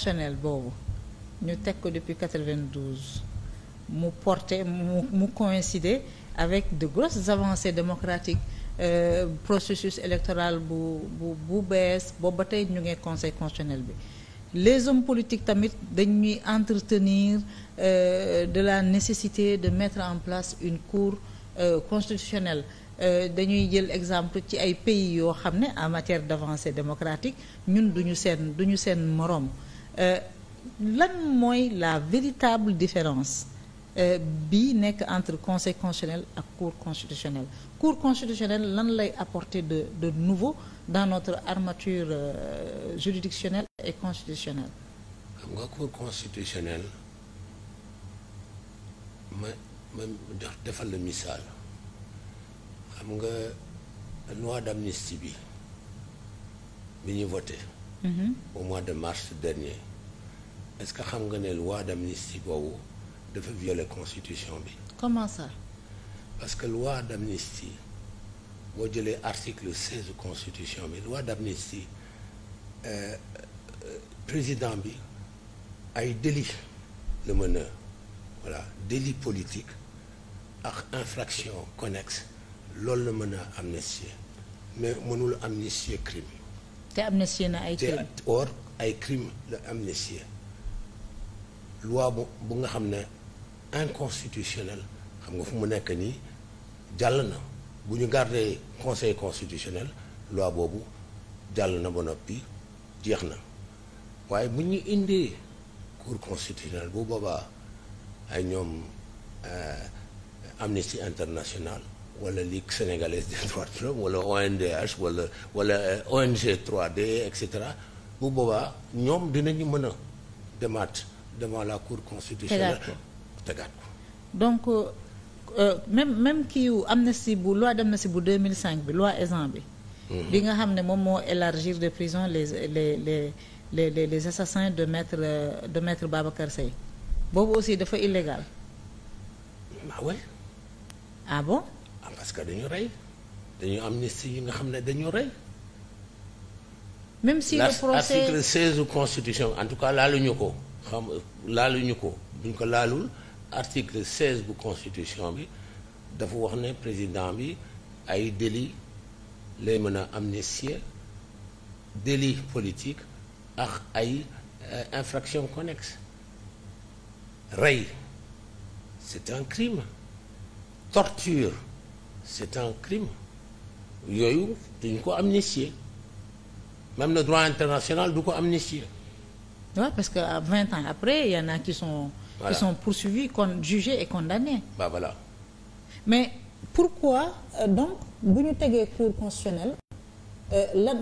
personnel boobu ñu teg ko depuis 92 mu porte mu mu coïncider avec de grosses avancées démocratiques euh, processus électoral bu bu bees booba tey ñu ngi conseil constitutionnel bi les hommes politiques tamit dañuy entretenir euh, de la nécessité de mettre en place une cour euh, constitutionnelle euh, dañuy jël exemple ci ay pays yoo xam ne en matière d'avancée démocratique ñun duñu seen duñu seen moroom lan mooy la véritable différence euh, bi nekk entre conseil constitutionnel ak cour constitutionnelle cour constitutionnelle lan lay apporter de de nouveau dans notre armature euh, juridictionnelle et constitutionnelle xam nga cour constitutionnelle ma ma defal la misaal xam nga loi d'amnistie bi bi ñu voté Mm-hmm. au mois de mars dernier est-ce que xam nga ne loi d'amnistie boobu dafa violer constitution bi. comment ça. parce que loi d'amnistie boo jëlee article seize constitution bi loi d'amnistie euh, euh, président bi ay délit mën a voilà délit politique ak infraction connexe loolu la mën a amnistier mais mënul amnistier crime. te amnistie na ay crime te or ay crime la amnistie loi bu bu nga xam ne inconstitutionnel xam nga fu mu nekk nii jàll na bu ñu garder conseil constitutionnel loi boobu jàll na ba noppi jeex na waaye bu ñu indee cour constitutionnel bu boobaa ay ñoom euh, amnistie international wala Ligue sénégalaise des droits de l'homme wala ONDH wala wala eh, ONG 3D et cetera bu boobaa ñoom ñu mën a demaat devant la cour constitutionnelle tegaat ko donc euh, euh, même même kiiwu amnistie bu loi d'amnistie bu 2005 bi loi Ezzan bi mhm. bi nga xam ne moom moo élargir de prison les les les les les, les assassins de maître euh, de maître Babacar Seye boobu aussi dafa illégal ah ouais ah bon Ah, parce que dañu rey dañu amnistie yi nga xam ne dañu rey. même si le procès l'article 16 constitution en tout cas laaluñu ko xam laaluñu ko buñ ko laalul article 16 bu constitution bi dafa wax ne président bi ay délits lay mën a amnistier délit politique ak ay euh, infraction connexe rey c'est un crime torture c'est un crime yooyu dañu ko amnistier même le droit international du ko amnistier. waaw ouais, parce que à vingt ans après il y en a qui sont. Voilà. qui sont poursuivis jugés et condamnés. mais pourquoi euh, donc bu ñu tegee cour constitutionnelle. Euh, lan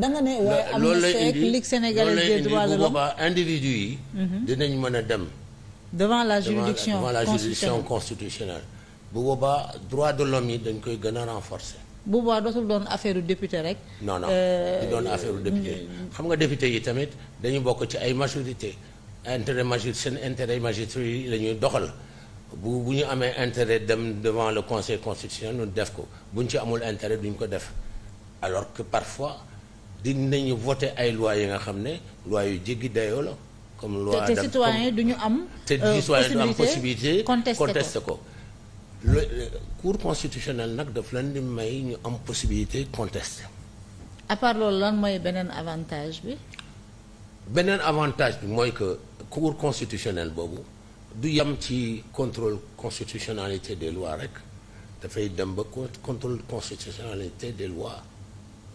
da nga ne. waaye amnistie ak ligue sénégalaise des de l'homme individu yi. Mhm. dinañ mën a dem. devant la juridiction constitutionnelle. bu boobaa droit de l'homme yi dañ koy gën a renforce bu boobaa dootul doon affaire député rek. non non euh, du doon affaire député mm. xam nga député yi tamit dañu bokk ci ay majorité intérêt majorité seen intérêt majorité yi la ñuy doxal bu bu ñu amee intérêt dem devant le conseil constitutionnel ñu def ko bu ñu ci amul intérêt duñ ko def alors que parfois dinañu voter ay lois yi nga xam ne lois yu jéggi dayoo la. comme loi te citoyen duñu am. possibilité te euh, citoyen du am possibilité contester ko. le cour constitutionnel nag daf lan di may ñu am possibilité contester. à part loolu lan mooy beneen avantage bi. beneen avantage bi mooy que cour constitutionnel boobu du yam ci contrôle constitutionnalité des lois rek dafay dem ba contrôle constitutionnalité des lois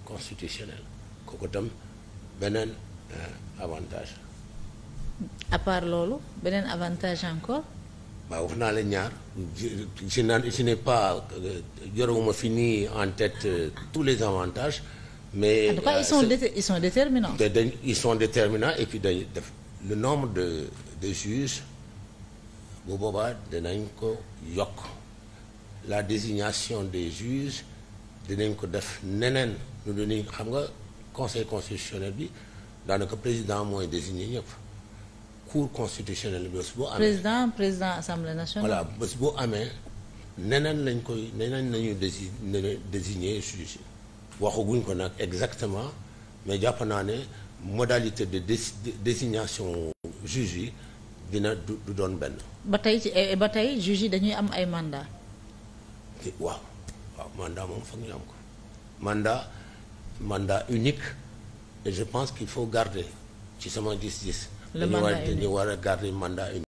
constitutionnelles kooku tam beneen euh, avantage. à loolu beneen avantage encore. waaw wax naa leen ñaar je je pas euh, yorewuma fi nii en tête euh, tous les avantages mais en tout cas euh, ils sont ils dañ ils sont déterminants et puis dañ def le nombre de de juges bu boobaa dinañ ko yokk la désignation des juges dinañ ko def neneen lu du ni xam nga conseil constitutionnel bi daanaka président mooy désigné ñëpp cour constitutionnelle bés boo amee président président assemblée nationale. voilà bés boo amee neneen lañ koy neneen nañu dési désigner juge waxaguñ ko nag exactement mais jàpp naa ne modalité de désignation juge yi dina du doon benn. ba tey ci eh, ba tey juge yi dañuy am ay mandat waaw waaw mandat moom foog ñu am ko mandat mandat unique et je pense qu'il faut garder ci sama gis-gis. le mandat unique dañu war a dañu war a garder